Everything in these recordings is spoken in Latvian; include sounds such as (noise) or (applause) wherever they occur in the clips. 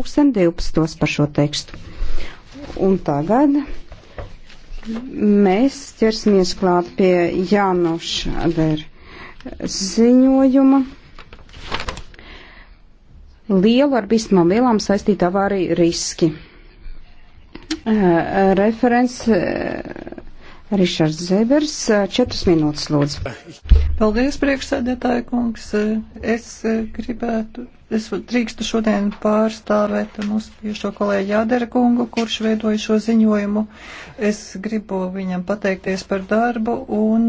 pulksten 12. par šo tekstu. Un tagad mēs ķersimies klāt pie Jānoša Adera ziņojuma. Lielu ar bīstamām vielām saistīta avārija riski. Uh, referents uh, Rišards Zebers, četras minūtes lūdzu. Paldies, priekšsēdētāja kungs. Es gribētu, es drīkstu šodien pārstāvēt mūsu bijušo kolēģi Jādera kungu, kurš veidoja šo ziņojumu. Es gribu viņam pateikties par darbu un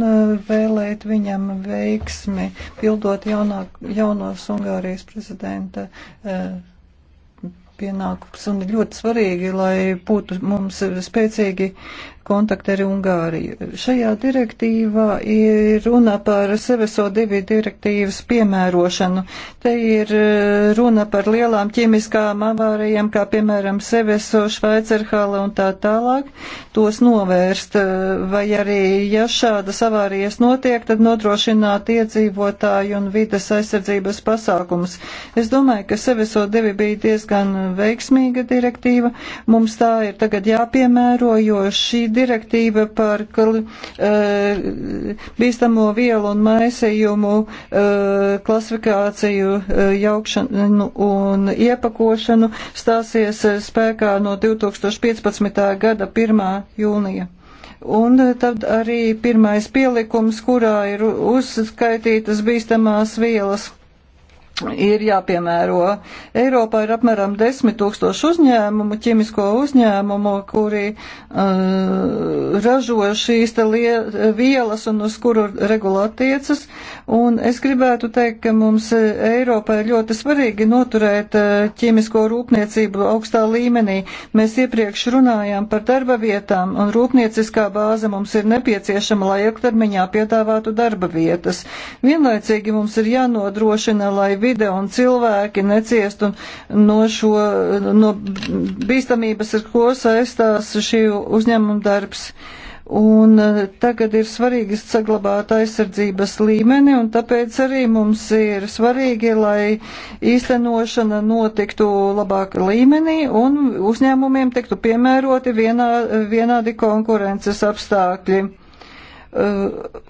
vēlēt viņam veiksmi, pildot jaunā, jaunos Ungārijas prezidenta eh, pienākums un ir ļoti svarīgi, lai būtu mums spēcīgi kontakti ar Ungāriju. Šajā direktīvā ir runa par SVSO divi direktīvas piemērošanu. Te ir eh, runa par lielām ķimiskām avārijām, kā piemēram SVSO, Šveicerhāla un tā tālāk. Tos novērst, eh, vai arī, ja šādas avārijas notiek, tad nodrošināt iedzīvotāju un vides aizsardzības pasākumus. Es domāju, ka SVSO divi bija diezgan veiksmīga direktīva. Mums tā ir tagad jāpiemēro, jo šī direktīva par kli, uh, bīstamo vielu un maisījumu uh, klasifikāciju uh, jaukšanu un iepakošanu stāsies spēkā no 2015. gada 1. jūnija. Un tad arī pirmais pielikums, kurā ir uzskaitītas bīstamās vielas ir jāpiemēro. Eiropā ir apmēram 10 tūkstoši uzņēmumu, ķimisko uzņēmumu, kuri uh, ražo šīs te vielas un uz kuru regula attiecas. Un es gribētu teikt, ka mums Eiropā ir ļoti svarīgi noturēt uh, ķimisko rūpniecību augstā līmenī. Mēs iepriekš runājām par darba vietām, un rūpnieciskā bāze mums ir nepieciešama, lai ilgtermiņā piedāvātu darba vietas. Vienlaicīgi mums ir jānodrošina, lai vi vide un cilvēki neciestu no šo, no bīstamības, ar ko saistās šī uzņēmuma darbs. Un eh, tagad ir svarīgi saglabāt aizsardzības līmeni, un tāpēc arī mums ir svarīgi, lai īstenošana notiktu labāk līmenī un uzņēmumiem tiktu piemēroti vienā, vienādi konkurences apstākļi. Uh,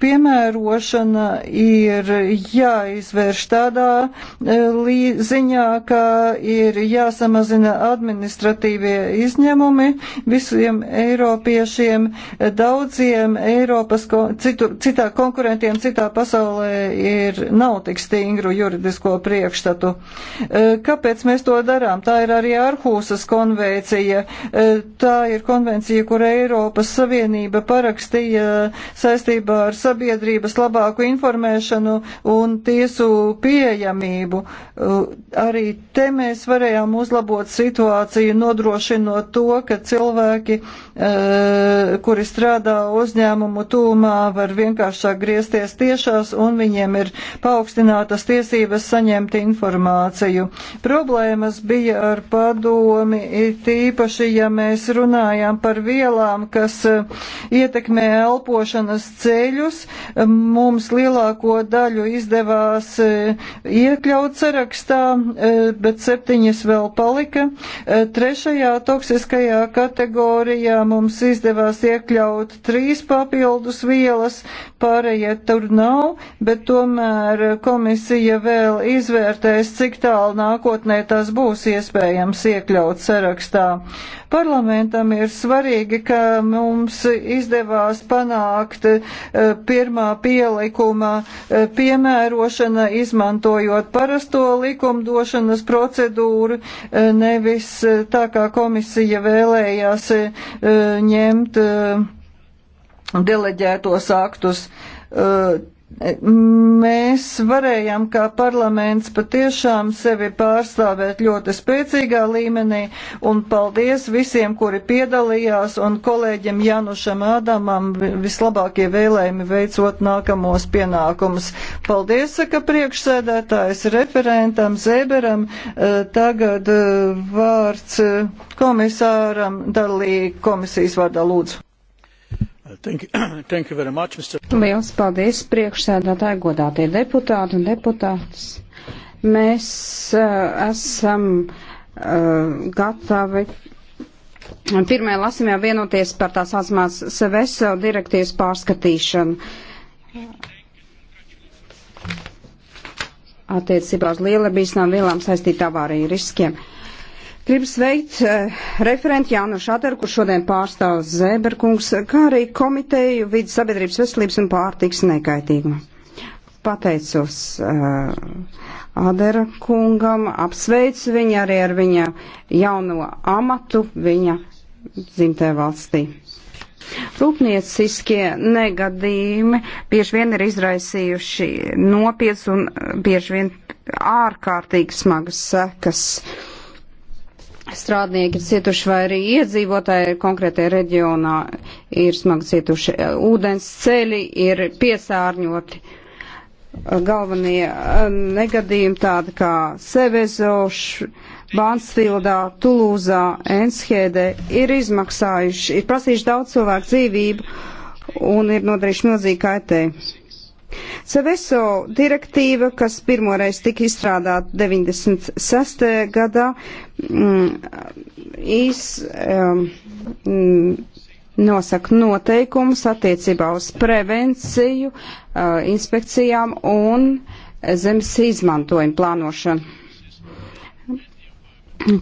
piemērošana ir jāizvērš tādā e, ziņā, ka ir jāsamazina administratīvie izņemumi visiem eiropiešiem, daudziem Eiropas, citu, citā konkurentiem citā pasaulē ir, nav tik stingru juridisko priekšstatu. E, kāpēc mēs to darām? Tā ir arī Arhūsas konvencija. E, tā ir konvencija, kur Eiropas Savienība parakstīja saistībā saistībā ar sabiedrības labāku informēšanu un tiesu pieejamību. Uh, arī te mēs varējām uzlabot situāciju, nodrošinot to, ka cilvēki, uh, kuri strādā uzņēmumu tūmā, var vienkāršāk griezties tiešās un viņiem ir paaugstinātas tiesības saņemt informāciju. Problēmas bija ar padomi, tīpaši, ja mēs runājām par vielām, kas uh, ietekmē elpošanas ceļu ceļus. Mums lielāko daļu izdevās e, iekļaut sarakstā, e, bet septiņas vēl palika. E, trešajā toksiskajā kategorijā mums izdevās iekļaut trīs papildus vielas, pārējie tur nav, bet tomēr komisija vēl izvērtēs, cik tālu nākotnē tās būs iespējams iekļaut sarakstā. Parlamentam ir svarīgi, ka mums izdevās panākt E, pirmā pielikuma e, piemērošana, izmantojot parasto likumdošanas procedūru, e, nevis tā kā komisija vēlējās ņemt deleģētos aktus Mēs varējām kā parlaments patiešām sevi pārstāvēt ļoti spēcīgā līmenī un paldies visiem, kuri piedalījās un kolēģiem Janušam Ādamam vislabākie vēlējumi veicot nākamos pienākumus. Paldies, saka priekšsēdētājs referentam Zēberam, eh, tagad eh, vārds eh, komisāram Dalī komisijas vārdā lūdzu. Thank you. (coughs) Thank you much, Mr. Liels paldies priekšsēdētāji, godātie deputāti un deputātas. Mēs uh, esam uh, gatavi pirmajā lasījumā vienoties par tās atzīmās Seveso direktīvas pārskatīšanu. Attiecībā uz lielabīsnām vielām saistīt avāriju riskiem. Uh, Gribu sveikt eh, referentu Jānu Šataru, kurš šodien pārstāv Zēberkungs, kā arī komiteju vidas sabiedrības veselības un pārtiks nekaitīgumu. Pateicos uh, eh, Adera kungam, apsveicu viņu arī ar viņa jauno amatu viņa dzimtē valstī. Rūpnieciskie negadījumi bieži vien ir izraisījuši nopietnas un eh, bieži vien ārkārtīgi smagas sekas. Uh, strādnieki ir cietuši vai arī iedzīvotāji konkrētajā reģionā ir smagi cietuši. Ūdens ceļi ir piesārņoti. Galvenie eh, negadījumi tādi kā Sevezoš, Bansfildā, Tulūzā, Enshēdē ir izmaksājuši, ir prasījuši daudz cilvēku dzīvību un ir nodarījuši milzīgi kaitējumu Seveso direktīva, kas pirmoreiz tika izstrādāta 96. gadā, mm, iz, mm, nosaka noteikumus attiecībā uz prevenciju, eh, inspekcijām un zemes izmantojumu plānošanu.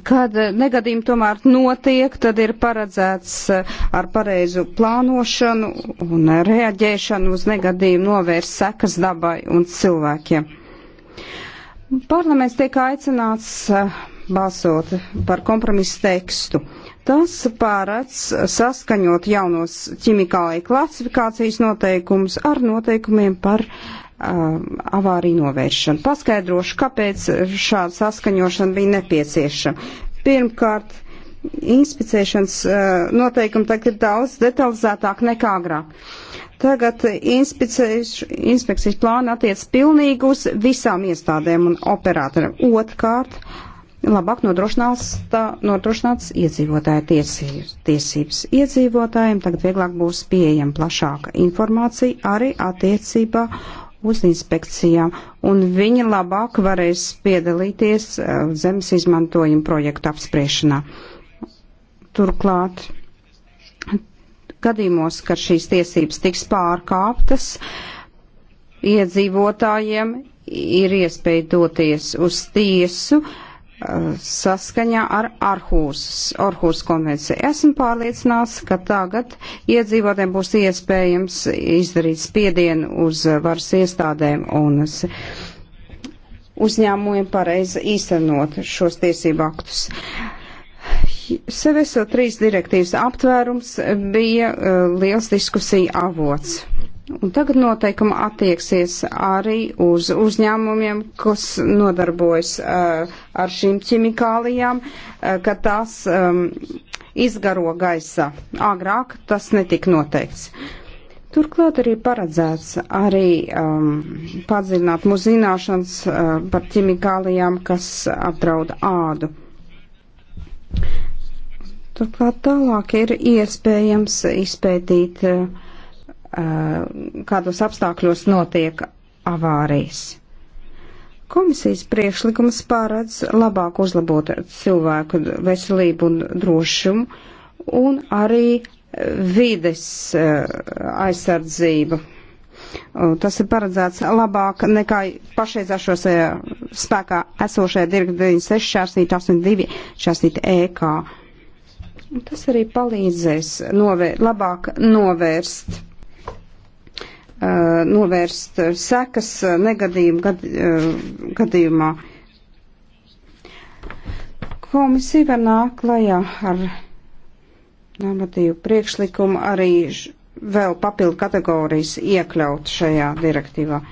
Kad negadījumi tomēr notiek, tad ir paredzēts eh, ar pareizu plānošanu un reaģēšanu uz negadījumu novērst sekas dabai un cilvēkiem. Parlaments tiek aicināts eh, balsot par kompromisu tekstu. Tas pārēc saskaņot jaunos ķimikālai klasifikācijas noteikumus ar noteikumiem par uh, Um, avāriju novēršanu. Paskaidrošu, kāpēc šāda saskaņošana bija nepieciešama. Pirmkārt, inspicēšanas uh, noteikumi tagad ir daudz detalizētāk nekā agrāk. Tagad inspekcijas plāna attiec pilnīgi uz visām iestādēm un operatoriem. Otkārt, labāk nodrošināts iedzīvotāja tiesības. tiesības. Iedzīvotājiem tagad vieglāk būs pieejama plašāka informācija arī attiecībā uz inspekcijām, un viņi labāk varēs piedalīties eh, zemes izmantojuma projektu apspriešanā. Turklāt, gadījumos, kad šīs tiesības tiks pārkāptas, iedzīvotājiem ir iespēja doties uz tiesu, uh, saskaņā ar Arhūsas konvenciju. Esmu pārliecināts, ka tagad iedzīvotēm būs iespējams izdarīt spiedienu uz varas iestādēm un uzņēmumiem pareizi īstenot šos tiesību aktus. Seveso trīs direktīvas aptvērums bija eh, liels diskusija avots. Un tagad noteikumi attieksies arī uz uzņēmumiem, kas nodarbojas uh, ar šīm ķimikālijām, uh, ka tās um, izgaro gaisa. Agrāk tas netika noteikts. Turklāt arī paredzēts arī um, padziļināt mūsu zināšanas uh, par ķimikālijām, kas apdrauda ādu. Turklāt tālāk ir iespējams izpētīt uh, Eh, kādos apstākļos notiek avārijas. Komisijas priekšlikums pārādz labāk uzlabot cilvēku veselību un drošumu un arī vides eh, aizsardzību. Tas ir paredzēts labāk nekā pašreizā šos spēkā esošajā direktīvā 642 šāsīt EK. Tas arī palīdzēs novē, labāk novērst Uh, novērst sekas uh, negadījumu gad, uh, gadījumā. Komisija var nāk klajā ar normatīvu priekšlikumu arī vēl papildu kategorijas iekļaut šajā direktīvā.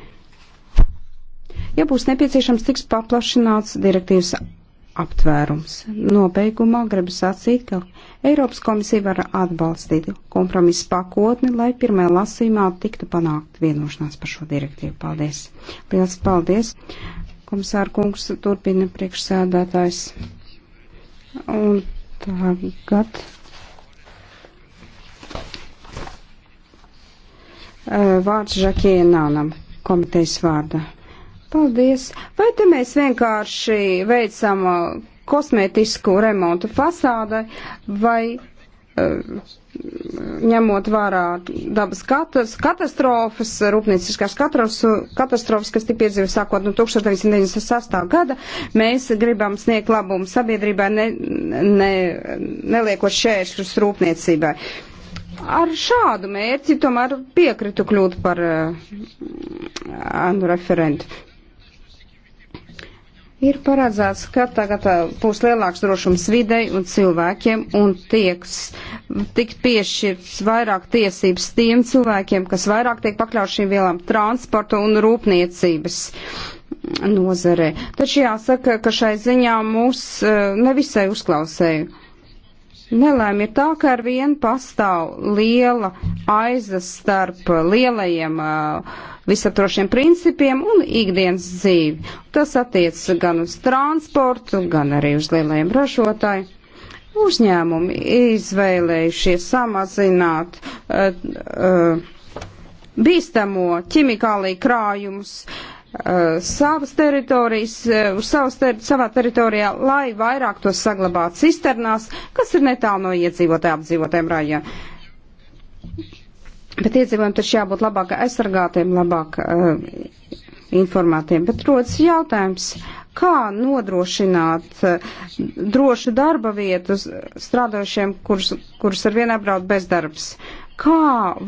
Ja būs nepieciešams, tiks paplašināts direktīvas aptvērums. Nobeigumā gribu sacīt, ka Eiropas komisija var atbalstīt kompromisu pakotni, lai pirmajā lasīmā tiktu panākt vienošanās par šo direktīvu. Paldies! Liels paldies! Komisāra kungs turpina priekšsēdētājs. Un tagad. Eh, vārds Žakienānam komitejas vārdā. Paldies. Vai te mēs vienkārši veicam uh, kosmētisku remontu fasādai vai uh, ņemot vērā dabas katastrofas, rūpnieciskās katastrofas, kas tika piedzīvotas sākot no 1998. gada, mēs gribam sniegt labumu sabiedrībai, ne, ne, neliekot šēršļus rūpniecībai. Ar šādu mērķi tomēr piekritu kļūt par uh, referentu. Ir paredzēts, ka tagad uh, būs lielāks drošums videi un cilvēkiem un tieks tikt piešķirts vairāk tiesības tiem cilvēkiem, kas vairāk tiek pakļauts šīm vielām transporta un rūpniecības nozarē. Taču jāsaka, ka šai ziņā mūs uh, nevisai uzklausēju. Nelēma ir tā, ka ar vienu pastāv liela aiza starp lielajiem uh, visaptrošiem principiem un ikdienas dzīvi. Tas attiec gan uz transportu, gan arī uz lielajiem ražotājiem. Uzņēmumi izvēlējušies samazināt uh, uh, bīstamo ķimikāliju krājumus uh, savas teritorijas, uz uh, savas ter savā teritorijā, lai vairāk tos saglabātu cisternās, kas ir netālu no iedzīvotāju apdzīvotēm rajā. Bet iedzīvotājiem taču jābūt labāk aizsargātiem, labāk uh, informētiem. Bet rodas jautājums, kā nodrošināt uh, drošu darba vietu strādošiem, kurus, kurus ar vienu apdraud bezdarbs? Kā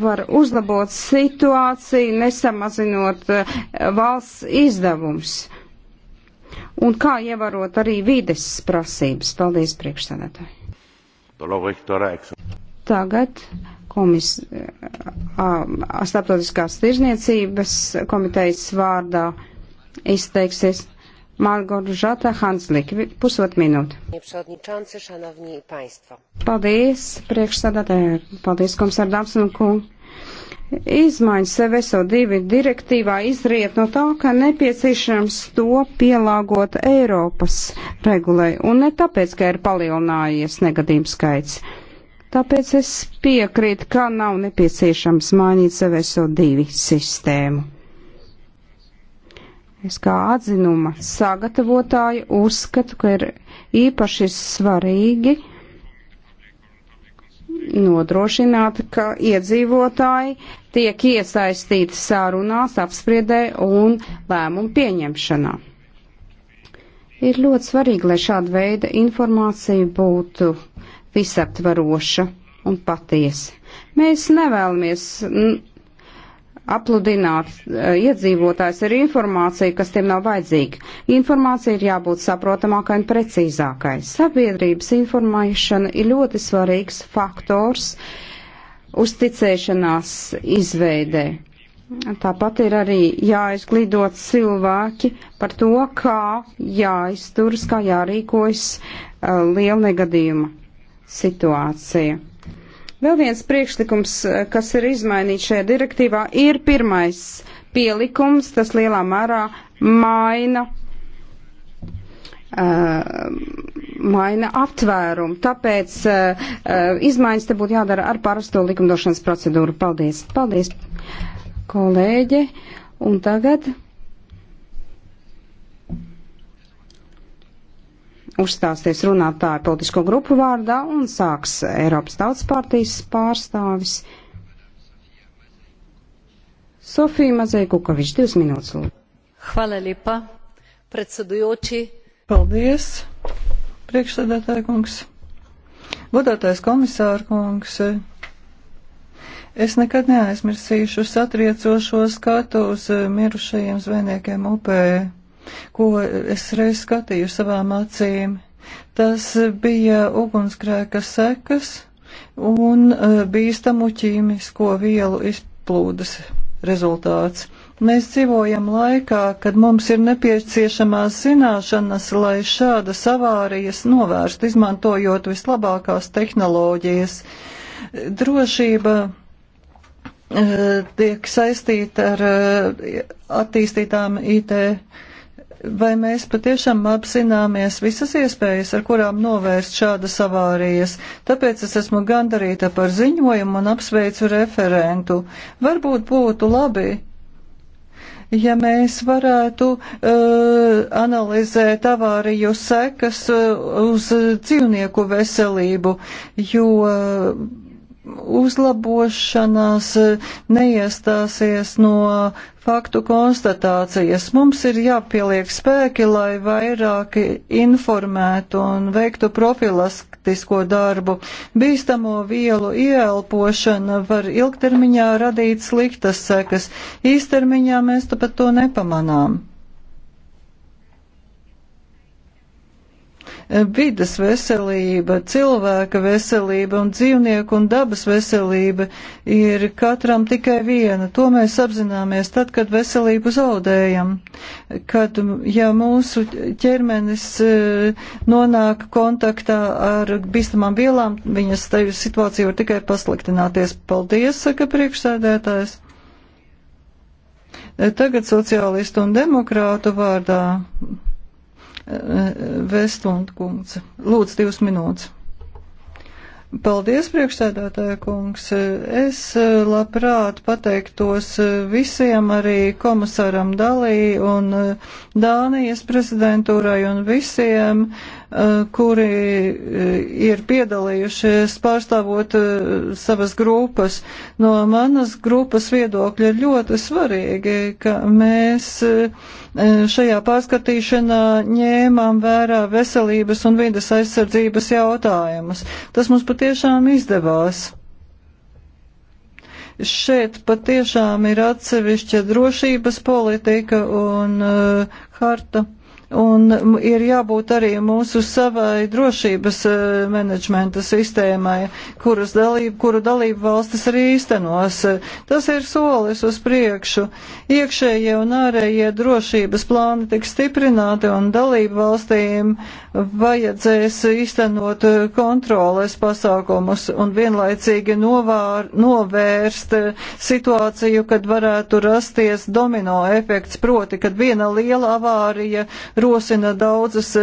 var uzlabot situāciju, nesamazinot uh, valsts izdevumus? Un kā ievarot arī vides prasības? Paldies, priekšsēdētāji. Tagad komis, starptautiskās tirzniecības komitejas vārdā izteiksies Margoržata Hanslik. Pusot minūte. Paldies, priekšsādātāji. Paldies, komisār Dāms un kungi. Izmaiņas CVSO2 direktīvā izriet no tā, ka nepieciešams to pielāgot Eiropas regulai, un ne tāpēc, ka ir palielinājies negadījums skaits. Tāpēc es piekrītu, ka nav nepieciešams mainīt CVSO divi sistēmu. Es kā atzinuma sagatavotāju uzskatu, ka ir īpaši svarīgi nodrošināt, ka iedzīvotāji tiek iesaistīti sārunās, apspriedē un lēmumu pieņemšanā. Ir ļoti svarīgi, lai šāda veida informācija būtu visaptvaroša un patiesa. Mēs nevēlamies mm, apludināt eh, iedzīvotājs ar informāciju, kas tiem nav vajadzīga. Informācija ir jābūt saprotamākai un precīzākai. Sabiedrības informēšana ir ļoti svarīgs faktors uzticēšanās izveidē. Tāpat ir arī jāizglīdot cilvēki par to, kā jāizturas, kā jārīkojas uh, eh, liela negadījuma situācija. Vēl viens priekšlikums, eh, kas ir izmainīts šajā direktīvā, ir pirmais pielikums, tas lielā mērā maina, uh, maina aptvērumu. Tāpēc uh, uh, izmaiņas te būtu jādara ar parasto likumdošanas procedūru. Paldies! Paldies, kolēģi! Un tagad uzstāsties runātāju politisko grupu vārdā un sāks Eiropas Tautas partijas pārstāvis Sofija Mazai Kukavič, divas minūtes. Hvala lipa, predsedujoči. Paldies, priekšsēdētāja kungs. Godātais komisāra kungs, Es nekad neaizmirsīšu satriecošo skatu uz mirušajiem zvejniekiem upē. E ko es reiz skatīju savām acīm. Tas bija ugunsgrēka sekas un e, bīstamu ķīmisko vielu izplūdes rezultāts. Mēs dzīvojam laikā, kad mums ir nepieciešamās zināšanas, lai šādas avārijas novērst, izmantojot vislabākās tehnoloģijas. Drošība e, tiek saistīta ar e, attīstītām IT Vai mēs patiešām apzināmies visas iespējas, ar kurām novērst šādas avārijas? Tāpēc es esmu gandarīta par ziņojumu un apsveicu referentu. Varbūt būtu labi, ja mēs varētu uh, analizēt avāriju sekas uh, uz dzīvnieku veselību, jo. Uh, uzlabošanās neiestāsies no faktu konstatācijas. Mums ir jāpieliek spēki, lai vairāk informētu un veiktu profilaktisko darbu. Bīstamo vielu ieelpošana var ilgtermiņā radīt sliktas sekas. Īstermiņā mēs tāpat to nepamanām. vidas veselība, cilvēka veselība un dzīvnieku un dabas veselība ir katram tikai viena. To mēs apzināmies tad, kad veselību zaudējam. Kad, ja mūsu ķermenis eh, nonāk kontaktā ar bīstamām vielām, viņas situācija var tikai pasliktināties. Paldies, saka priekšsēdētājs. Eh, tagad sociālistu un demokrātu vārdā Vestlund kungs. Lūdzu, divas minūtes. Paldies, priekšsēdētāja kungs. Es eh, labprāt pateiktos eh, visiem, arī komisaram Dalī un eh, Dānijas prezidentūrai un visiem, uh, Eh, kuri eh, ir piedalījušies pārstāvot eh, savas grupas. No manas grupas viedokļa ir ļoti svarīgi, ka mēs šajā pārskatīšanā ņēmām vērā veselības un vides aizsardzības jautājumus. Tas mums patiešām izdevās šeit patiešām ir atsevišķa drošības politika un uh, harta. Un ir jābūt arī mūsu savai drošības e, menedžmenta sistēmai, kuras dalību, kuru dalību valstis arī īstenos. E, tas ir solis uz priekšu. Iekšējie un ārējie drošības plāni tiks stiprināti un dalību valstīm vajadzēs īstenot e, kontroles pasākumus un vienlaicīgi novār, novērst situāciju, kad varētu rasties domino efekts, proti, kad viena liela avārija rosina daudzas e,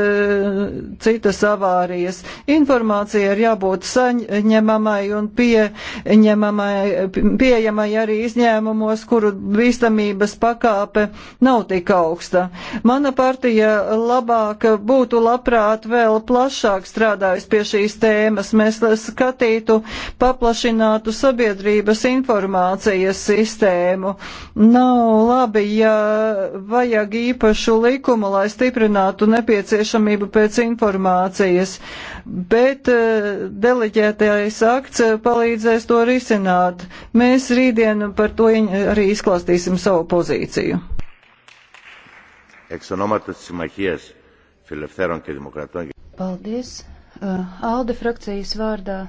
citas avārijas. Informācija ir jābūt saņemamai un pieņemamai, pieejamai arī izņēmumos, kuru bīstamības pakāpe nav tik augsta. Mana partija labāk būtu labprāt vēl plašāk strādājusi pie šīs tēmas. Mēs skatītu paplašinātu sabiedrības informācijas sistēmu. Nav labi, ja vajag īpašu likumu, lai stītu stiprinātu nepieciešamību pēc informācijas, bet eh, deleģētais akts eh, palīdzēs to risināt. Mēs rītdien par to arī izklāstīsim savu pozīciju. Paldies. Eh, Alde frakcijas vārdā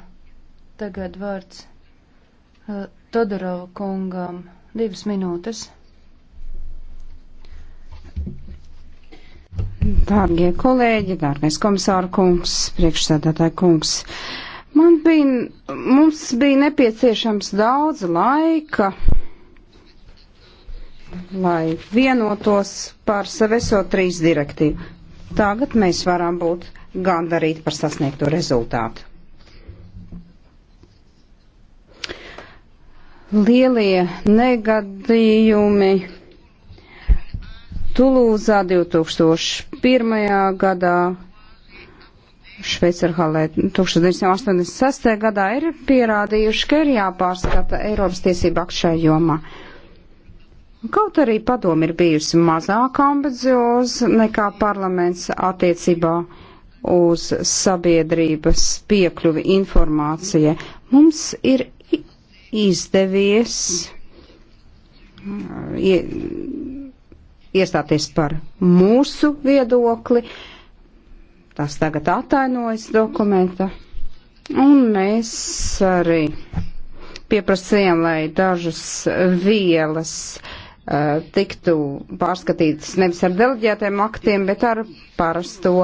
tagad vārds Todorova kungam divas minūtes. Dārgie kolēģi, dārgais komisāra kungs, priekšsēdētāja kungs, man bija, mums bija nepieciešams daudz laika, lai vienotos par SVSO 3 direktīvu. Tagad mēs varam būt gandarīti par sasniegto rezultātu. Lielie negadījumi Tulūzā 2001. gadā. Šveicerhalē 1986. gadā ir pierādījuši, ka ir jāpārskata Eiropas tiesība akšai jomā. Kaut arī padomi ir bijusi mazāk ambicioza nekā parlaments attiecībā uz sabiedrības piekļuvi informācija. Mums ir izdevies iestāties par mūsu viedokli. Tas tagad atainojas dokumenta. Un mēs arī pieprasījām, lai dažas vielas uh, tiktu pārskatītas nevis ar deleģētiem aktiem, bet ar parasto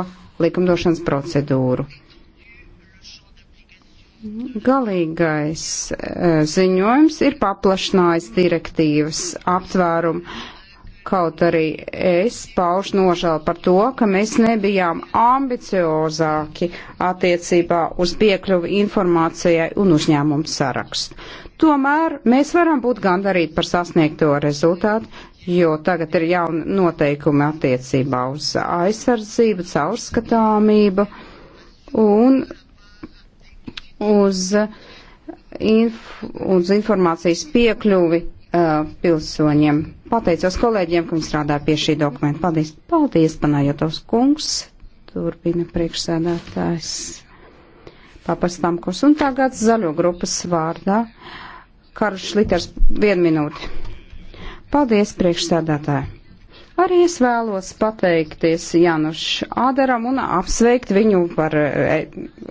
likumdošanas procedūru. Galīgais uh, ziņojums ir paplašinājis direktīvas aptvērumu Kaut arī es paušu nožēlu par to, ka mēs nebijām ambiciozāki attiecībā uz piekļuvi informācijai un uzņēmumu sarakstu. Tomēr mēs varam būt gandarīti par sasniegto rezultātu, jo tagad ir jauni noteikumi attiecībā uz aizsardzību, caurskatāmību un uz, inf uz informācijas piekļuvi uh, pilsoņiem. Pateicos kolēģiem, ka viņi strādā pie šī dokumenta. Paldies, paldies Panajotovs kungs, turpina priekšsēdētājs papastamkos. Un tagad zaļo grupas vārdā Karš Liters vienu minūti. Paldies, priekšsēdētāji! Arī es vēlos pateikties Janušu Āderam un apsveikt viņu par eh,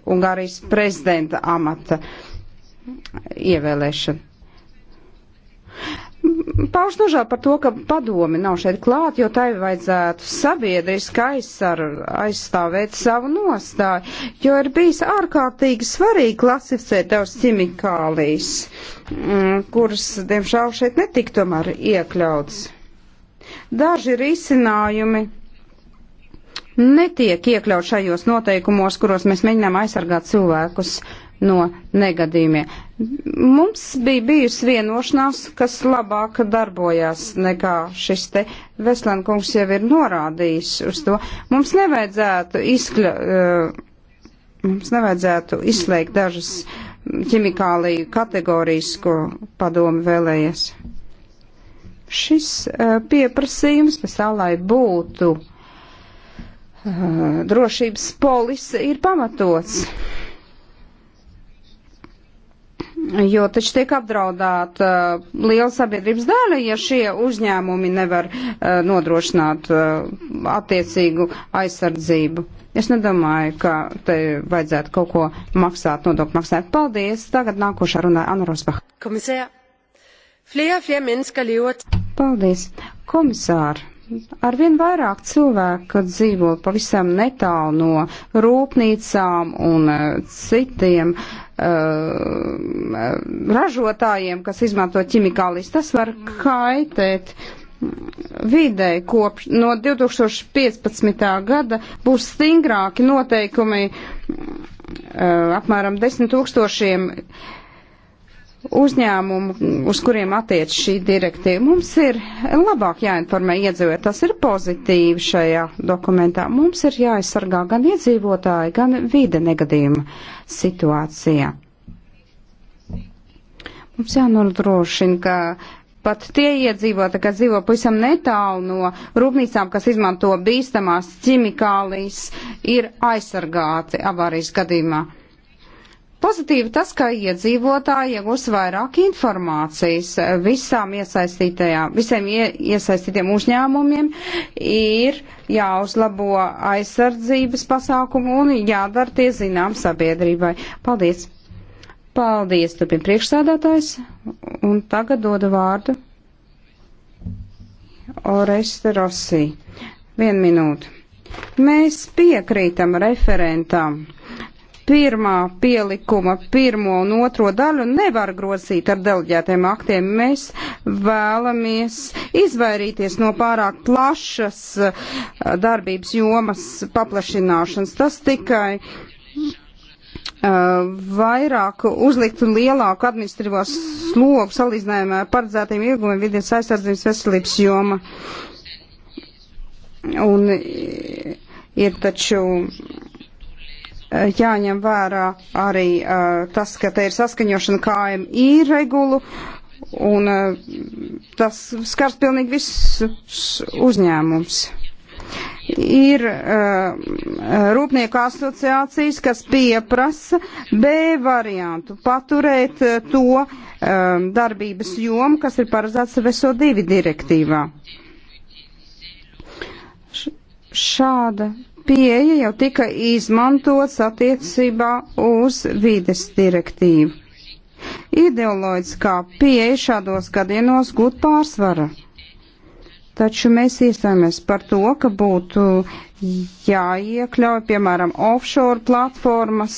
Ungārijas prezidenta amata ievēlēšanu pauž nožēlu par to, ka padomi nav šeit klāt, jo tai vajadzētu sabiedriski aizsar, aizstāvēt savu nostāju, jo ir bijis ārkārtīgi svarīgi klasificēt tavas ķimikālijas, mm, kuras, diemžēl, šeit netika tomēr iekļauts. Daži risinājumi netiek iekļaut šajos noteikumos, kuros mēs mēģinām aizsargāt cilvēkus no negadījumiem. Mums bija bijusi vienošanās, kas labāk darbojās nekā šis te Veslenkungs jau ir norādījis uz to. Mums nevajadzētu izkļa, uh, mums nevajadzētu izslēgt dažas ķimikāliju kategorijas, ko padomi vēlējies. Šis uh, pieprasījums pēc tā, lai būtu uh, drošības polise, ir pamatots. Mm Jo taču tiek apdraudēta uh, liela sabiedrības daļa, ja šie uzņēmumi nevar uh, nodrošināt uh, attiecīgu aizsardzību. Es nedomāju, ka te vajadzētu kaut ko maksāt, nodokļu maksāt. Paldies! Tagad nākošā runā Anna Rosbach. Komisār, flie, flie Paldies! Komisār, Arvien vairāk cilvēku dzīvo pavisam netālu no rūpnīcām un eh, citiem uh, ražotājiem, kas izmanto ķimikālijas. Tas var kaitēt videi kopš no 2015. gada būs stingrāki noteikumi uh, apmēram 10 tūkstošiem. 000 uzņēmumu, uz kuriem attiec šī direktīva. Mums ir labāk jāinformē iedzīvot, tas ir pozitīvi šajā dokumentā. Mums ir jāaizsargā gan iedzīvotāji, gan vide negadījuma situācijā. Mums jānodrošina, ka pat tie iedzīvotāji, kas dzīvo pavisam netālu no rūpnīcām, kas izmanto bīstamās ķimikālijas, ir aizsargāti avārijas gadījumā. Pozitīvi tas, ka iedzīvotāji iegūs vairāk informācijas visām iesaistītajām, visiem ie, iesaistītiem uzņēmumiem ir jāuzlabo aizsardzības pasākumu un jādara tie zinām sabiedrībai. Paldies! Paldies, turpin priekšsēdētājs, un tagad dodu vārdu Oreste Rosī. Vienu minūtu. Mēs piekrītam referentam pirmā pielikuma pirmo un otro daļu nevar grozīt ar deleģētiem aktiem. Mēs vēlamies izvairīties no pārāk plašas eh, darbības jomas paplašināšanas. Tas tikai eh, vairāk uzlikt un lielāku administratīvo slogu salīdzinājumā ar paredzētiem ieguvumiem vidies aizsardzības veselības joma. Un eh, ir taču jāņem vērā arī tas, ka te ir saskaņošana KMI regulu, un tas skars pilnīgi visus uzņēmums. Ir uh, rūpnieku asociācijas, kas pieprasa B variantu paturēt uh, to uh, darbības jomu, kas ir paredzēts VSO2 direktīvā. Š šāda pieeja jau tika izmantots attiecībā uz vides direktīvu. Ideoloģiskā pieeja šādos gadienos gūt pārsvara. Taču mēs iestājāmies par to, ka būtu jāiekļauj, piemēram, offshore platformas,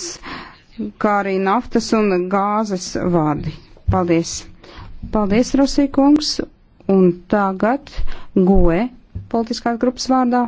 kā arī naftas un gāzes vadi. Paldies! Paldies, Rosīkungs! Un tagad goe politiskās grupas vārdā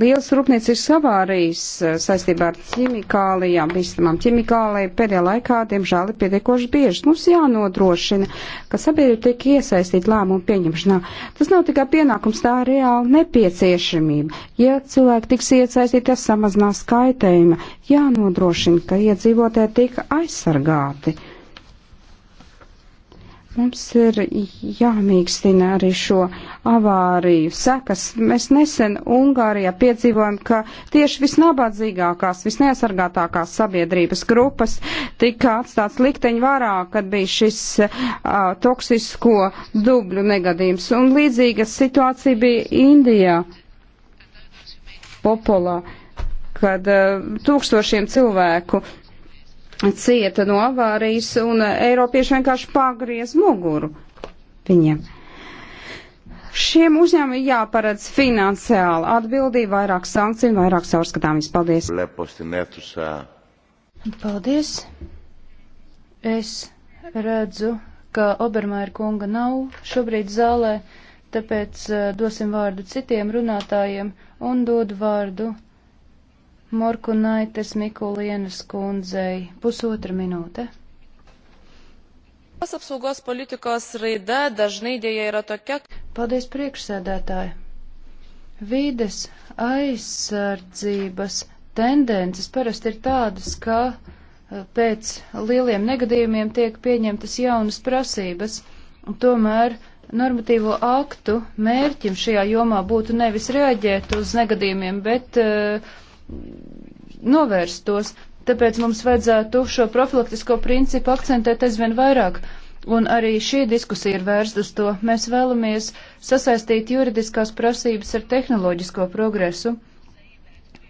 Liels rūpniec ir savārījis eh, saistībā ar ķimikālijām, bīstamām ķimikālijām pēdējā laikā, diemžēl, ir pietiekoši bieži. Mums jānodrošina, ka sabiedrība tiek iesaistīta lēmumu pieņemšanā. Tas nav tikai pienākums, tā ir reāla nepieciešamība. Ja cilvēki tiks iesaistīti, tas samazinās kaitējuma. Jānodrošina, ka iedzīvotāji tika aizsargāti. Mums ir jāmīkstina arī šo avāriju sekas. Mēs nesen Ungārijā piedzīvojam, ka tieši visnabadzīgākās, visneasargātākās sabiedrības grupas tika atstāts likteņu varā, kad bija šis uh, toksisko dubļu negadījums. Un līdzīga situācija bija Indijā, Popolā, kad uh, tūkstošiem cilvēku uh, cieta no avārijas, un Eiropieši vienkārši pagriez muguru viņiem. Šiem uzņēmumiem jāparedz finansiāla atbildība, vairāk sankciju, vairāk saurskatāmības. Paldies! Paldies! Es redzu, ka Obermaira kunga nav šobrīd zālē, tāpēc eh, dosim vārdu citiem runātājiem un dodu vārdu Morkunaites Mikulienas kundzei pusotra minūte. Aplinkos apsaugos politikos raida dažnai dėja yra tokia. Paldies priekšsēdētāji. Vīdes aizsardzības tendences parasti ir tādas, ka eh, pēc lieliem negadījumiem tiek pieņemtas jaunas prasības, un tomēr normatīvo aktu mērķim šajā jomā būtu nevis reaģēt uz negadījumiem, bet uh, novērst tos. Tāpēc mums vajadzētu šo profilaktisko principu akcentēt aizvien vairāk. Un arī šī diskusija ir vērsta uz to. Mēs vēlamies sasaistīt juridiskās prasības ar tehnoloģisko progresu.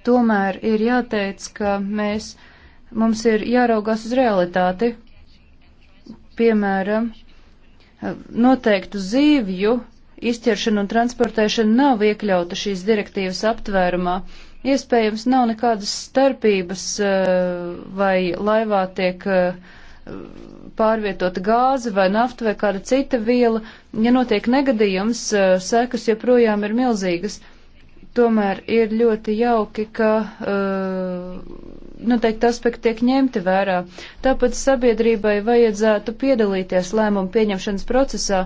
Tomēr ir jāteic, ka mēs, mums ir jāraugās uz realitāti. Piemēram, noteiktu zīvju izķeršana un transportēšana nav iekļauta šīs direktīvas aptvērumā. Uh, Iespējams, nav nekādas starpības, eh, vai laivā tiek eh, pārvietota gāze vai nafta vai kāda cita viela. Ja notiek negadījums, eh, sekas joprojām ir milzīgas. Tomēr ir ļoti jauki, ka noteikti aspekti tiek ņemti vērā. Tāpēc sabiedrībai vajadzētu piedalīties lēmumu pieņemšanas procesā,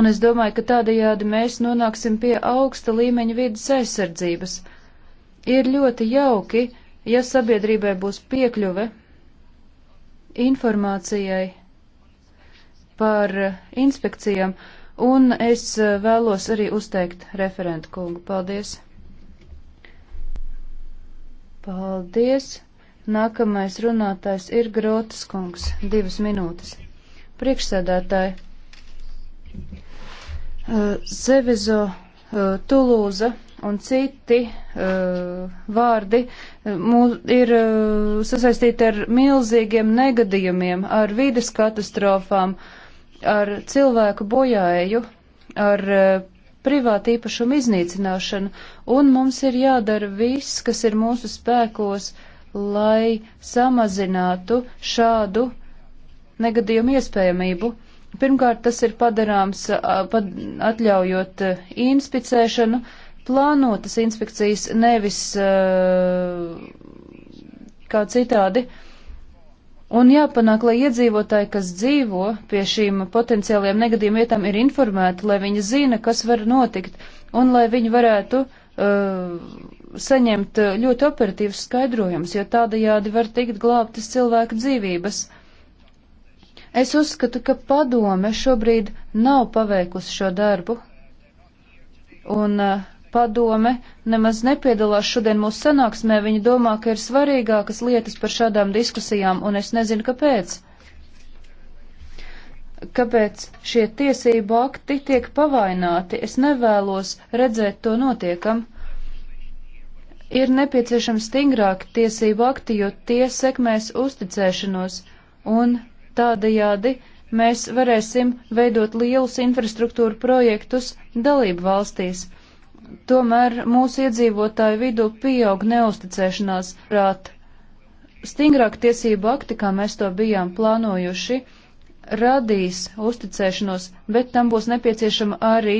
un es domāju, ka tādajādi mēs nonāksim pie augsta līmeņa vidas aizsardzības. Ir ļoti jauki, ja sabiedrībai būs piekļuve informācijai par inspekcijām, un es vēlos arī uzteikt referentu kungu. Paldies! Paldies! Nākamais runātājs ir Grotas kungs. Divas minūtes. Priekšsēdētāji. Zevizo uh, uh, Tulūza un citi uh, vārdi uh, mūs, ir uh, sasaistīti ar milzīgiem negadījumiem, ar vides katastrofām, ar cilvēku bojāju, ar uh, privātu īpašumu iznīcināšanu, un mums ir jādara viss, kas ir mūsu spēkos, lai samazinātu šādu negadījumu iespējamību. Pirmkārt, tas ir padarāms, uh, pad, atļaujot uh, inspicēšanu, uh, plānotas inspekcijas, nevis eh, kā citādi. Un jāpanāk, lai iedzīvotāji, kas dzīvo pie šīm potenciālajiem negadījuma vietām, ir informēti, lai viņi zina, kas var notikt, un lai viņi varētu uh, saņemt ļoti operatīvus skaidrojumus, jo tādajādi var tikt glābtas cilvēku dzīvības. Es uzskatu, ka padome šobrīd nav paveikusi šo darbu, un uh, padome nemaz nepiedalās šodien mūsu sanāksmē. Viņi domā, ka ir svarīgākas lietas par šādām diskusijām, un es nezinu, kāpēc. Kāpēc šie tiesību akti tiek pavaināti? Es nevēlos redzēt to notiekam. Ir nepieciešams stingrāki tiesību akti, jo tie sekmēs uzticēšanos, un tādajādi mēs varēsim veidot lielus infrastruktūru projektus dalību valstīs Tomēr mūsu iedzīvotāju vidū pieaug neusticēšanās prāt. Stingrāk tiesību akti, kā mēs to bijām plānojuši, radīs uzticēšanos, bet tam būs nepieciešama arī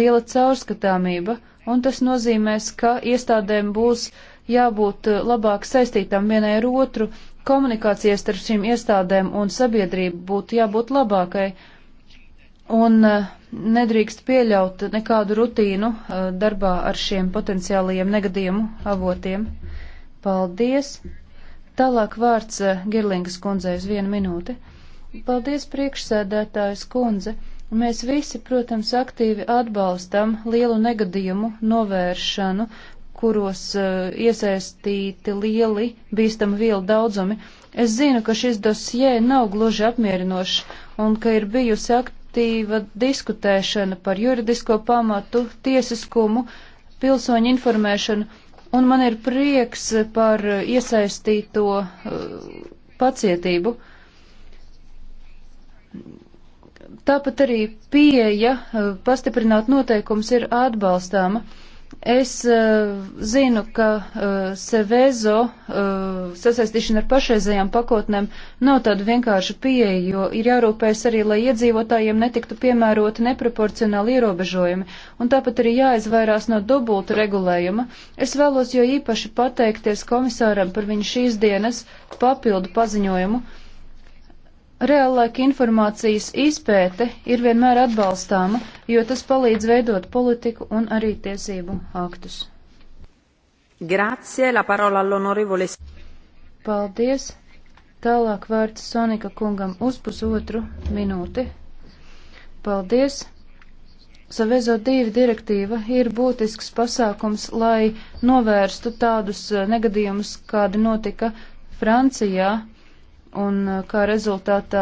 liela caurskatāmība, un tas nozīmēs, ka iestādēm būs jābūt eh, labāk saistītām vienai ar otru, komunikācijai starp šīm iestādēm un sabiedrību būtu jābūt labākai, un eh, nedrīkst pieļaut nekādu rutīnu eh, darbā ar šiem potenciālajiem negadījumu avotiem. Paldies! Tālāk vārds eh, Girlingas kundzei uz vienu minūti. Paldies, priekšsēdētājas kundze! Mēs visi, protams, aktīvi atbalstam lielu negadījumu novēršanu, kuros uh, iesaistīti lieli bīstama vielu daudzumi. Es zinu, ka šis dosjē nav gluži apmierinošs un ka ir bijusi akt aktīva diskutēšana par juridisko pamatu, tiesiskumu, pilsoņu informēšanu, un man ir prieks par iesaistīto uh, pacietību. Tāpat arī pieeja uh, pastiprināt noteikums ir atbalstāma. Uh, Es uh, zinu, ka uh, Sevezo uh, sasaistīšana ar pašreizējām pakotnēm nav tāda vienkārša pieeja, jo ir jārūpējas arī, lai iedzīvotājiem netiktu piemēroti neproporcionāli ierobežojumi, un tāpat arī jāizvairās no dubulta regulējuma. Es vēlos jo īpaši pateikties komisāram par viņu šīs dienas papildu paziņojumu. Uh, Reālaika informācijas izpēte ir vienmēr atbalstāma, jo tas palīdz veidot politiku un arī tiesību aktus. Grazie, la parola all'onorevole. Paldies. Tālāk vārds Sonika kungam uz pusotru minūti. Paldies. Savezo divi direktīva ir būtisks pasākums, lai novērstu tādus eh, negadījumus, kādi notika Francijā un uh, kā rezultātā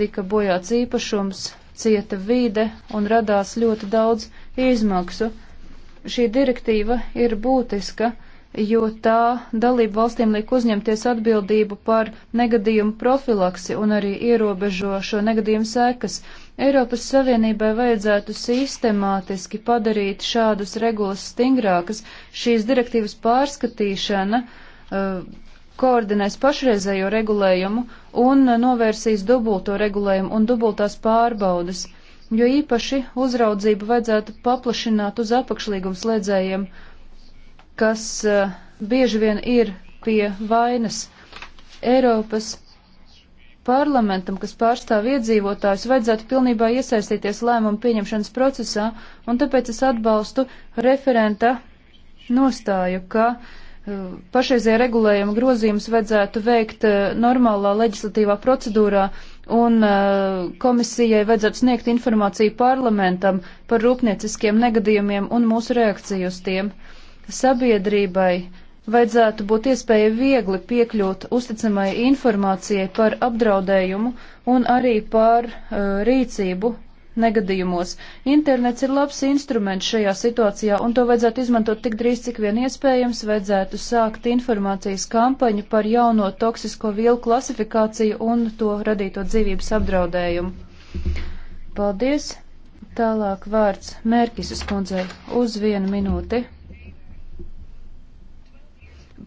tika bojāts īpašums, cieta vīde un radās ļoti daudz izmaksu. Šī direktīva ir būtiska, jo tā dalību valstīm liek uzņemties atbildību par negadījumu profilaksi un arī ierobežo šo negadījumu sekas. Eiropas Savienībai vajadzētu sistemātiski padarīt šādus regulas stingrākas. Šīs direktīvas pārskatīšana uh, koordinēs pašreizējo regulējumu un novērsīs dubulto regulējumu un dubultās pārbaudas, jo īpaši uzraudzību vajadzētu paplašināt uz apakšlīgums slēdzējiem, kas uh, bieži vien ir pie vainas. Eiropas parlamentam, kas pārstāv iedzīvotājus, vajadzētu pilnībā iesaistīties lēmumu pieņemšanas procesā, un tāpēc es atbalstu referenta nostāju, ka uh, pašreizējā regulējuma grozījums vajadzētu veikt eh, normālā leģislatīvā procedūrā un eh, komisijai vajadzētu sniegt informāciju parlamentam par rūpnieciskiem negadījumiem un mūsu reakciju uz tiem. Sabiedrībai vajadzētu būt iespēja viegli piekļūt uzticamai informācijai par apdraudējumu un arī par uh, rīcību negadījumos. Internets ir labs instruments šajā situācijā, un to vajadzētu izmantot tik drīz, cik vien iespējams, vajadzētu sākt informācijas kampaņu par jauno toksisko vielu klasifikāciju un to radīto dzīvības apdraudējumu. Paldies! Tālāk vārds Mērkisas kundzei uz vienu minūti.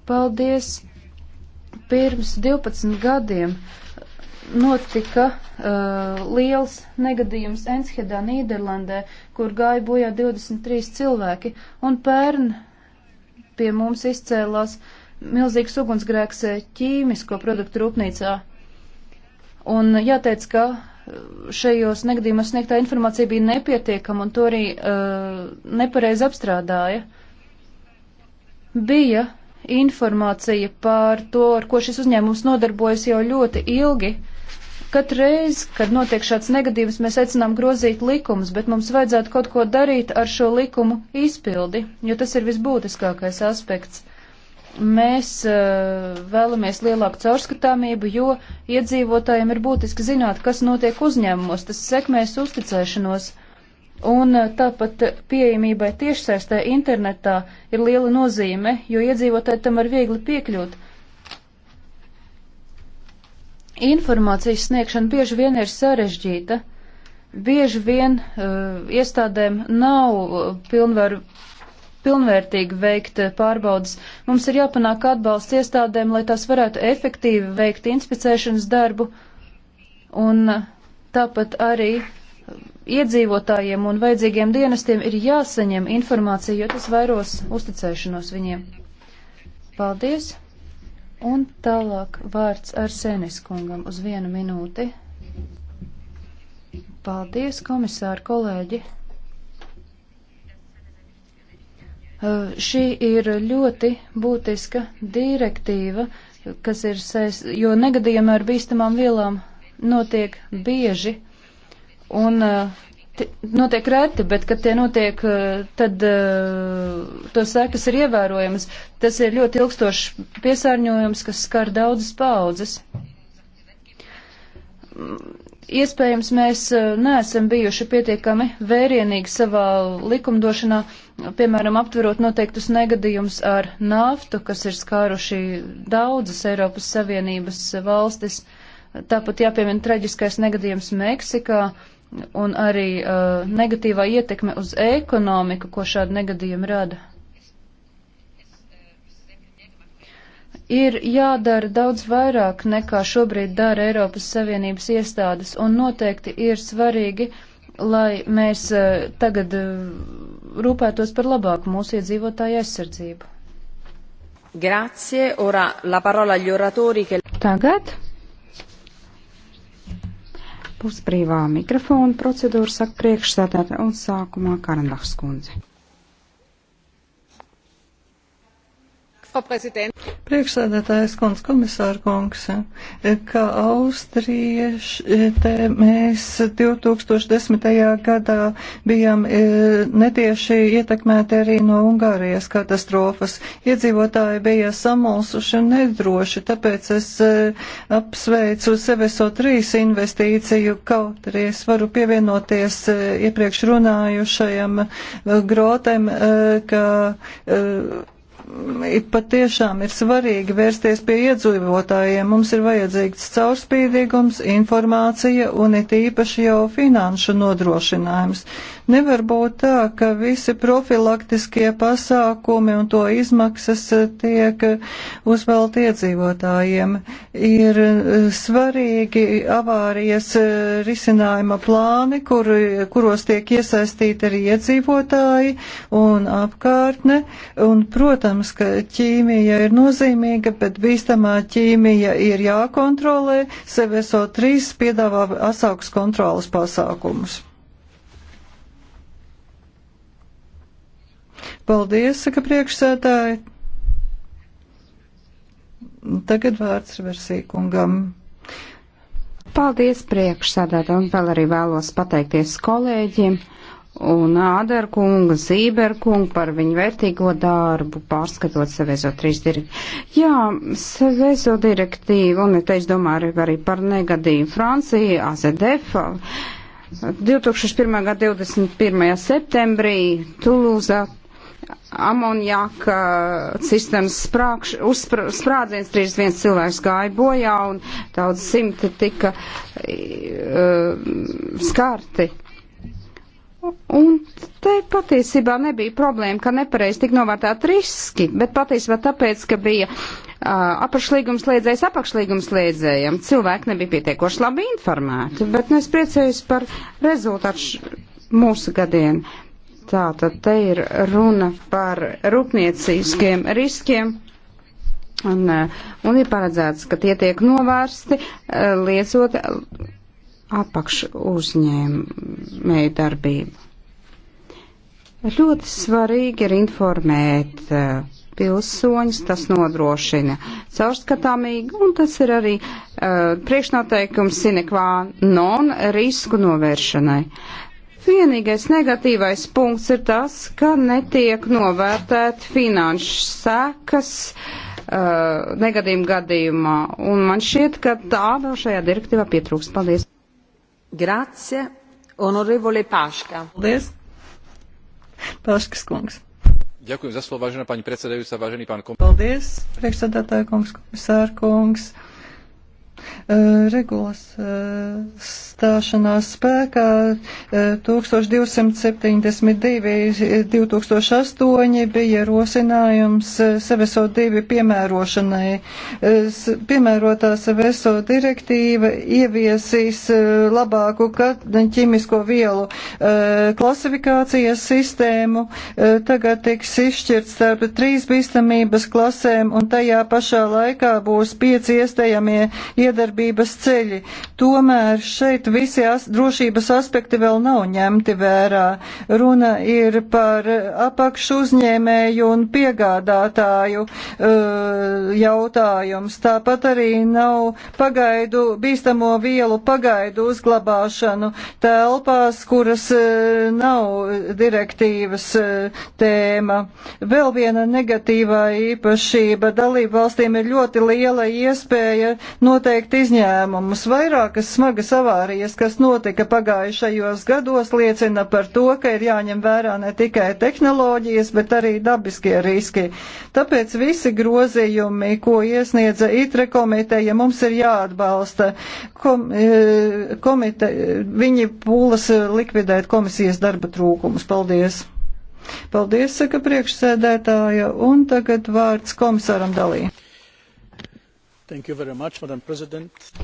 Paldies! Pirms 12 gadiem notika uh, liels negadījums Enshedā, Nīderlandē, kur gāja bojā 23 cilvēki, un pērn pie mums izcēlās milzīgs ugunsgrēks uh, ķīmisko produktu rūpnīcā. Un jāteic, ka uh, šajos negadījumos sniegtā informācija bija nepietiekama, un to arī uh, nepareiz apstrādāja. Bija informācija par to, ar ko šis uzņēmums nodarbojas jau ļoti ilgi, uh, Katru reizi, kad notiek šāds negadījums, mēs aicinām grozīt likumus, bet mums vajadzētu kaut ko darīt ar šo likumu izpildi, jo tas ir visbūtiskākais aspekts. Mēs uh, vēlamies lielāku caurskatāmību, jo iedzīvotājiem ir būtiski zināt, kas notiek uzņēmumos, tas sekmēs uzticēšanos. Un eh, tāpat pieejamībai tiešsaistē internetā ir liela nozīme, jo iedzīvotāji tam var viegli piekļūt informācijas sniegšana bieži vien ir sarežģīta. Bieži vien uh, iestādēm nav uh, pilnvaru pilnvērtīgi veikt uh, pārbaudas. Mums ir jāpanāk atbalsts iestādēm, lai tās varētu efektīvi veikt inspicēšanas darbu un uh, tāpat arī iedzīvotājiem un vajadzīgiem dienestiem ir jāsaņem informācija, jo tas vairos uzticēšanos viņiem. Paldies! Un tālāk vārds Arsenis kungam uz vienu minūti. Paldies, komisāri, kolēģi! Šī ir ļoti būtiska direktīva, kas ir saist, jo negadījumi ar bīstamām vielām notiek bieži, un notiek reti, bet kad tie notiek, eh, tad eh, to sekas ir ievērojamas. Tas ir ļoti ilgstošs piesārņojums, kas skar daudzas paudzes. Iespējams, mēs eh, neesam bijuši pietiekami vērienīgi savā likumdošanā, piemēram, aptverot noteiktus negadījumus ar naftu, kas ir skāruši daudzas Eiropas Savienības valstis. Tāpat jāpiemina traģiskais negadījums Meksikā, uh, un arī uh, negatīvā ietekme uz ekonomiku, ko šādi negadījumi rada. Ir jādara daudz vairāk nekā šobrīd dara Eiropas Savienības iestādes, un noteikti ir svarīgi, lai mēs uh, tagad uh, rūpētos par labāku mūsu iedzīvotāju aizsardzību. Grazie, ora la parola agli oratori che... Tagad Būs brīvā mikrofona procedūra, saka priekšsēdētāja, un sākumā Karanbachs kundze. Priekšsēdētājs kundz komisāra kungs, ka austrieši te mēs 2010. gadā bijām e, netieši ietekmēti arī no Ungārijas katastrofas. Iedzīvotāji bija samulsuši un nedroši, tāpēc es e, apsveicu Seveso 3 investīciju, kaut arī es varu pievienoties e, iepriekš runājušajam grotem, ka patiešām ir svarīgi vērsties pie iedzīvotājiem. Mums ir vajadzīgs caurspīdīgums, informācija un it īpaši jau finanšu nodrošinājums. Nevar būt tā, ka visi profilaktiskie pasākumi un to izmaksas tiek uzvelt iedzīvotājiem. Ir svarīgi avārijas risinājuma plāni, kur, kuros tiek iesaistīti arī iedzīvotāji un apkārtne. Un, protams, Protams, ka ķīmija ir nozīmīga, bet bīstamā ķīmija ir jākontrolē. CVSO3 piedāvā asāks kontrolas pasākumus. Paldies, saka priekšsētāji. Tagad vārds Versīkungam. Paldies priekšsēdētājiem un vēl arī vēlos pateikties kolēģiem un Āderkungu un Zīberkungu par viņu vērtīgo darbu, pārskatot Sevezo 3 direktīvu. Jā, Sevezo direktīvu, un te es domāju arī par negadījumu Franciju, AZDF. 2001. gada 21. septembrī Tulūza amonjaka cisternas sprākš, uzspr, sprādziens, 31 cilvēks gāja bojā un daudz simti tika uh, skarti. Un te patiesībā nebija problēma, ka nepareiz tik novērtēt riski, bet patiesībā tāpēc, ka bija uh, apakšlīgums liedzējs apakšlīgums liedzējiem. Cilvēki nebija pietiekoši labi informēti, bet nu, es priecējos par rezultātu mūsu gadienu. Tātad te ir runa par rūpnieciskiem riskiem. Un, un ir paredzēts, ka tie tiek novērsti, liecot apakš uzņēmēju darbību. Ļoti svarīgi ir informēt uh, pilsoņus, tas nodrošina caurskatāmīgi, un tas ir arī uh, priekšnoteikums sinekvā non risku novēršanai. Vienīgais negatīvais punkts ir tas, ka netiek novērtēt finanšu sekas uh, negadījuma gadījumā, un man šķiet, ka tā vēl šajā direktīvā pietrūks. Paldies! Grazie, honorevole Paška. Paldies. Paškas kungs. Ďakujem za slovo, vážená pani predsedajúca, vážený pán komisár. Paldies, priekšsēdētāja kungs, komisār kungs. Eh, regulas eh, stāšanās spēkā 1272 eh, 2008 bija rosinājums Seveso 2 piemērošanai. Piemērotā Seveso direktīva ieviesīs labāku ķimisko vielu klasifikācijas sistēmu. Tagad tiks izšķirts starp trīs bīstamības klasēm un tajā pašā laikā būs pieci iestējamie iedarbības darbības ceļi. Tomēr šeit visi as drošības aspekti vēl nav ņemti vērā. Runa ir par apakšu uzņēmēju un piegādātāju uh, jautājums. Tāpat arī nav pagaidu, bīstamo vielu pagaidu uzglabāšanu telpās, kuras uh, nav direktīvas uh, tēma. Vēl viena negatīvā īpašība dalību valstīm ir ļoti liela iespēja noteikti izņēmumus. Vairākas smagas avārijas, kas notika pagājušajos gados, liecina par to, ka ir jāņem vērā ne tikai tehnoloģijas, bet arī dabiskie riski. Tāpēc visi grozījumi, ko iesniedza ITRE komiteja, mums ir jāatbalsta. Kom, e, komite, viņi pūlas likvidēt komisijas darba trūkumus. Paldies! Paldies, saka priekšsēdētāja, un tagad vārds komisāram Dalī. Much,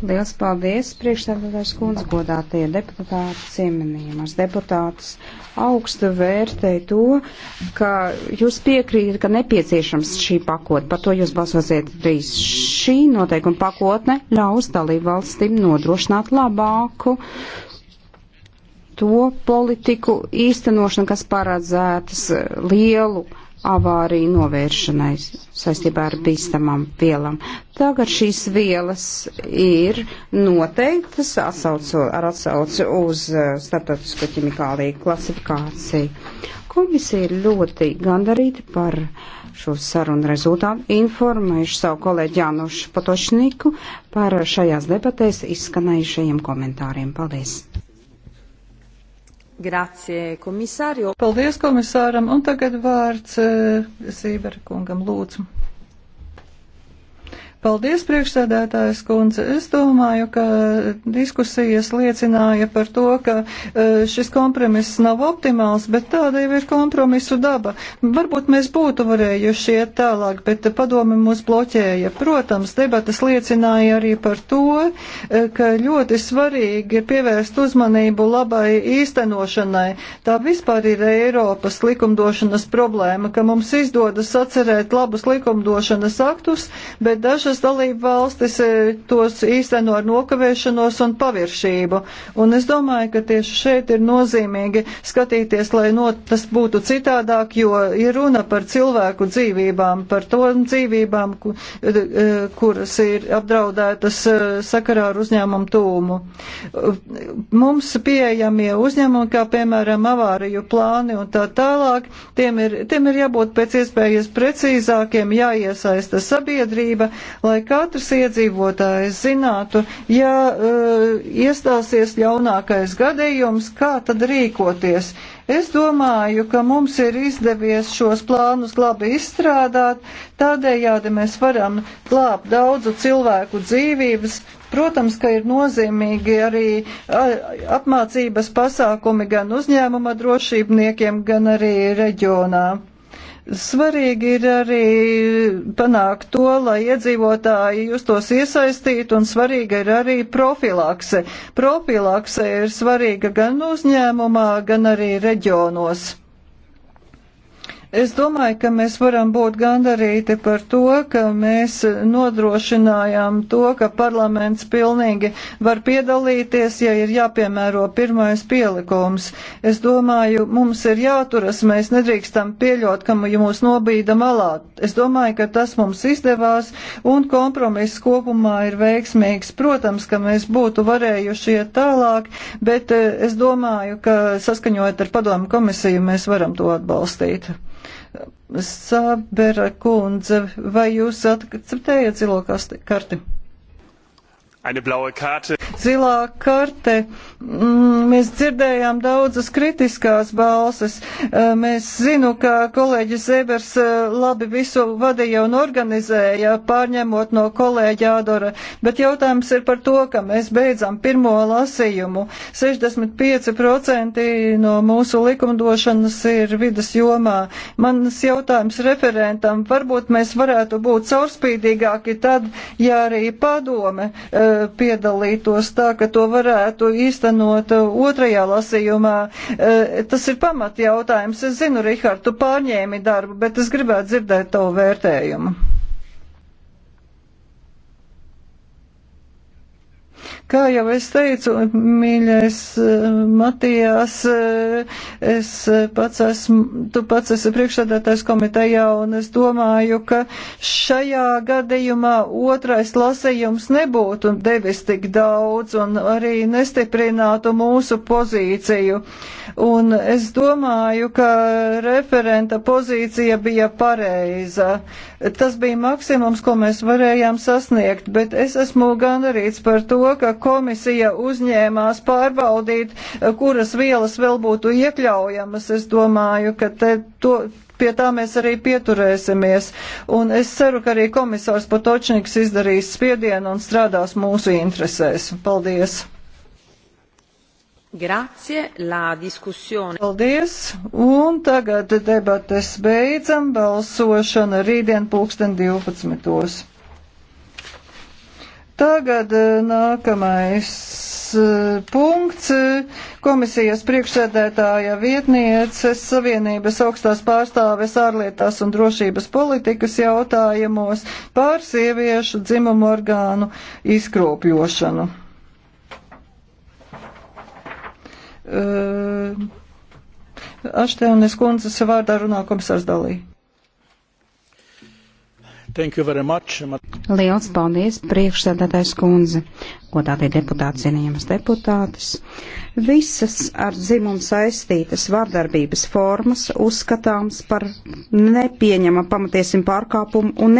Liels paldies, priekšstādātājs kundze, godātie deputāti, cieminījumās deputātas. Augstu vērtēju to, ka jūs piekrītat, ka nepieciešams šī pakotne, par to jūs balsosiet drīz. Šī noteikuma pakotne ļaus dalību valstīm nodrošināt labāku to politiku īstenošanu, kas paredzētas lielu avāriju novēršanai saistībā ar bīstamām vielām. Tagad šīs vielas ir noteiktas atsauco, ar atsauci uz uh, starptautisko ķimikāliju klasifikāciju. Komisija ir ļoti gandarīta par šo sarunu rezultātu, informējuši savu kolēģi Jānušu Potošniku par šajās debatēs izskanējušajiem komentāriem. Paldies! Grazie, komisārio. Paldies komisāram, un tagad vārds Zīberkungam eh, lūdzu. Paldies, priekšsēdētājs kundze. Es domāju, ka diskusijas liecināja par to, ka e, šis kompromiss nav optimāls, bet tāda jau ir kompromisu daba. Varbūt mēs būtu varējuši iet tālāk, bet padomi mūs bloķēja. Protams, debatas liecināja arī par to, e, ka ļoti svarīgi ir pievērst uzmanību labai īstenošanai. Tā vispār ir Eiropas likumdošanas problēma, ka mums izdodas atcerēt labus likumdošanas aktus, bet dažas Dažas dalību valstis e, tos īsteno ar nokavēšanos un paviršību. Un es domāju, ka tieši šeit ir nozīmīgi skatīties, lai no, tas būtu citādāk, jo ir runa par cilvēku dzīvībām, par to dzīvībām, e, e, kuras ir apdraudētas sakarā ar uzņēmumu tūmu. Mums pieejamie uzņēmumi, kā piemēram avāriju plāni un tā tālāk, tiem ir, tiem ir jābūt pēc iespējas precīzākiem, jāiesaista sabiedrība, lai katrs iedzīvotājs zinātu, ja uh, iestāsies ļaunākais gadījums, kā tad rīkoties. Es domāju, ka mums ir izdevies šos plānus labi izstrādāt, tādējādi mēs varam glābt daudzu cilvēku dzīvības, Protams, ka ir nozīmīgi arī apmācības pasākumi gan uzņēmuma drošībniekiem, gan arī reģionā. Svarīgi ir arī panākt to, lai iedzīvotāji justos iesaistīti, un svarīga ir arī profilakse. Profilakse ir svarīga gan uzņēmumā, gan arī reģionos. Es domāju, ka mēs varam būt gandarīti par to, ka mēs nodrošinājām to, ka parlaments pilnīgi var piedalīties, ja ir jāpiemēro pirmais pielikums. Es domāju, mums ir jāturas, mēs nedrīkstam pieļaut, ka mūs nobīda malā. Es domāju, ka tas mums izdevās un kompromiss kopumā ir veiksmīgs. Protams, ka mēs būtu varējuši iet tālāk, bet eh, es domāju, ka saskaņojot ar padomu komisiju mēs varam to atbalstīt. Sabera kundze, vai jūs akceptējat zilo karti? Eine blaue Karte. Zilā karte. Mm, mēs dzirdējām daudzas kritiskās balses. Eh, mēs zinu, ka kolēģis Zebers eh, labi visu vadīja un organizēja, pārņemot no kolēģa Ādora, bet jautājums ir par to, ka mēs beidzam pirmo lasījumu. 65% no mūsu likumdošanas ir vidas jomā. Mans jautājums referentam, varbūt mēs varētu būt caurspīdīgāki tad, ja arī padome eh, piedalītos tā, ka to varētu īstenot uh, otrajā lasījumā. Uh, tas ir pamatjautājums. Es zinu, Rihard, tu pārņēmi darbu, bet es gribētu dzirdēt tavu vērtējumu. Kā jau es teicu, mīļais eh, Matijās, eh, es pats esmu, tu pats esi priekšsēdētājs komitejā, un es domāju, ka šajā gadījumā otrais lasījums nebūtu devis tik daudz un arī nestiprinātu mūsu pozīciju. Un es domāju, ka referenta pozīcija bija pareiza. Tas bija maksimums, ko mēs varējām sasniegt, bet es esmu gandarīts par to, ka komisija uzņēmās pārbaudīt, kuras vielas vēl būtu iekļaujamas. Es domāju, ka te to pie tā mēs arī pieturēsimies. Un es ceru, ka arī komisārs Potočniks izdarīs spiedienu un strādās mūsu interesēs. Paldies! Grazie, la diskusione. Paldies, un tagad debates beidzam, balsošana rītdien pulksten 12. Tagad eh, nākamais eh, punkts. Komisijas priekšsēdētāja vietnieces Savienības augstās pārstāves ārlietās un drošības politikas jautājumos pār sieviešu dzimumu orgānu izkropļošanu. Uh, eh, Aštēnes kundzes vārdā runā komisārs Dalī. Liels paldies, priekšsēdētājs kundze, godātie deputāti, cienījamas deputātes. Visas ar dzimumu saistītas vardarbības formas uzskatāms par nepieņemam pamatiesim pārkāpumu un